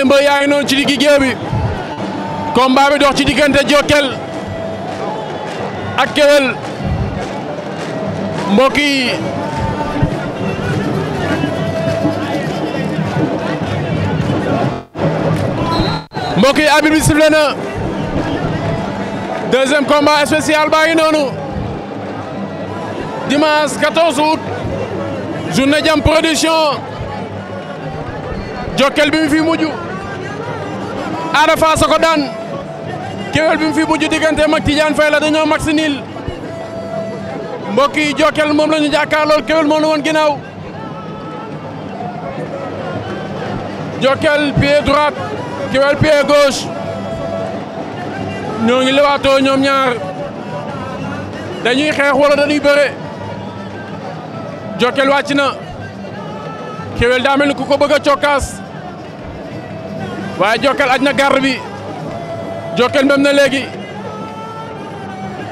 ñaari mbër yaa ngi noonu ci diggi ci diggante Jokkel ak Kewel mbokk yi mbokk na deuxième combat spécial baa ngi noonu dimanche 14 août journée Jam Production Jokkel bi mu fi mujj Ada Fass ko daan kéwél bi mu fi mujj diggante mag Tidiane Faye la dañoo mag si niil yi Jokal moom la ñu jàkkaarlool kéwél moom la woon ginnaaw Jokal pied droite kéwél pied gauche ñoo ngi lewaatoo ñoom ñaar dañuy xeex wala dañuy bëre Jokal wàcc na kéwél daa mel ni ku ko bëgg cokkaas waaye Jokal aj na garde bi Jokal mem na léegi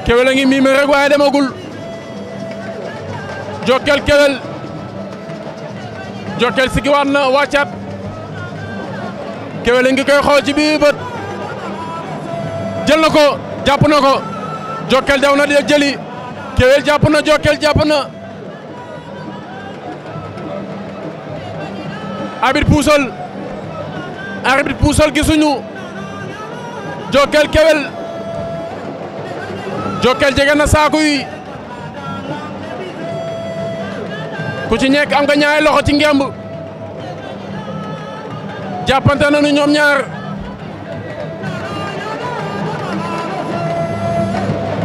Kewel ngi miime rek waaye demagul Jokal Kewel Jokal sigiwaat na wàccaat Kewel ngi koy xool ci biir jël na ko jàpp na ko Jokal daw na di jëli Kewel jàpp na Jokal jàpp na abit puusal arbitre puusal gisuñu Jokal Kewel Jokal jege na saaku yi ku ci nekk am nga ñaari loxo ci ngemb jàppante nañu ñoom ñaar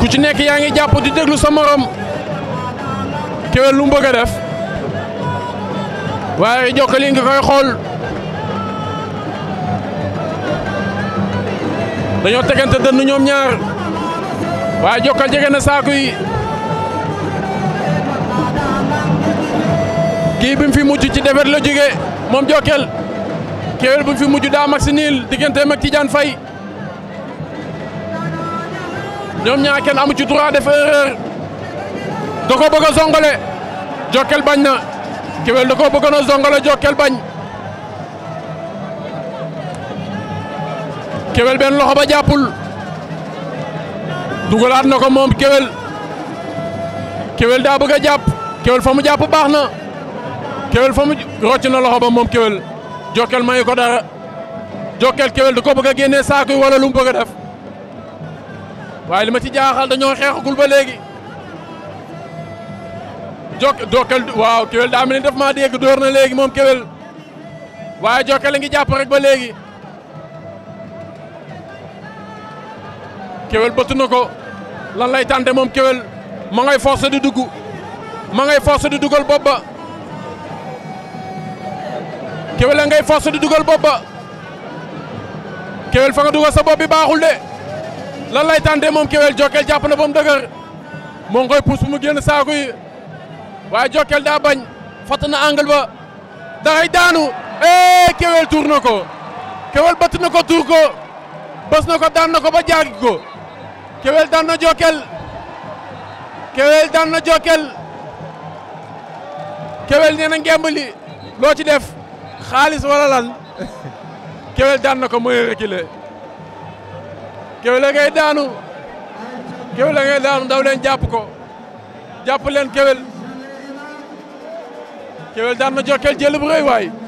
ku ci nekk yaa ngi jàpp di déglu sa morom Kewel lu a def waaye Jokal yi nga koy xool. dañoo tegante dënn ñoom ñaar waaye Jokkal jege na saaku yi kii bi mu fi mujj ci defet la jóge moom Jokkal kéwél bi mu fi mujj daa mag si niil digganteem ak Tidiane Faye ñoom ñaar kenn amu ci droit def erreur da ko bëgg a bañ na kéwél da ko bëggoon a zongale bañ kéwél benn loxo ba jàppul dugalaat na ko moom kéwél kewel daa bëgg a jàpp kewel fa mu jàpp baax na kewel fa mu rocc na loxo ba moom kewel jokkel mayu ko dara jokkel kewel du ko bëgg a génnee saakuy wala lu mu def waaye li ma ci jaaxal dañoo xeexagul ba léegi jok jokkel waaw kewel daa mel ni daf maa dóor na léegi moom kewel waaye jokkel a ngi jàpp rek ba léegi. kewel bëtt na ko lan lay tànte moom kewel ma ngay forcé di dugg ma ngay forcé di dugal bopp ba kewel a ngay forcé di dugal bopp ba kewel fa nga dugal sa bopp bi baaxul de lan lay tànte moom kewel Jokal jàpp na ba mu dëgër moo ngi koy pousse mu génn saaku yi waaye Jokal daa bañ fatt na angle ba daxay daanu ee eh, kewel tuur na ko kewel bëtt na ko tuur ko bës na ko daan na ko ba jaagi ko Kewel daan na Jokal Kewel daan na Jokal Kewel nee na ngemb loo ci def xaalis wala lan Kewel na ko mooy reculer Kewel la ngay daanu Kewel daanu daw leen jàpp ko jàpp leen Kewel Kewel daan na Jokal jël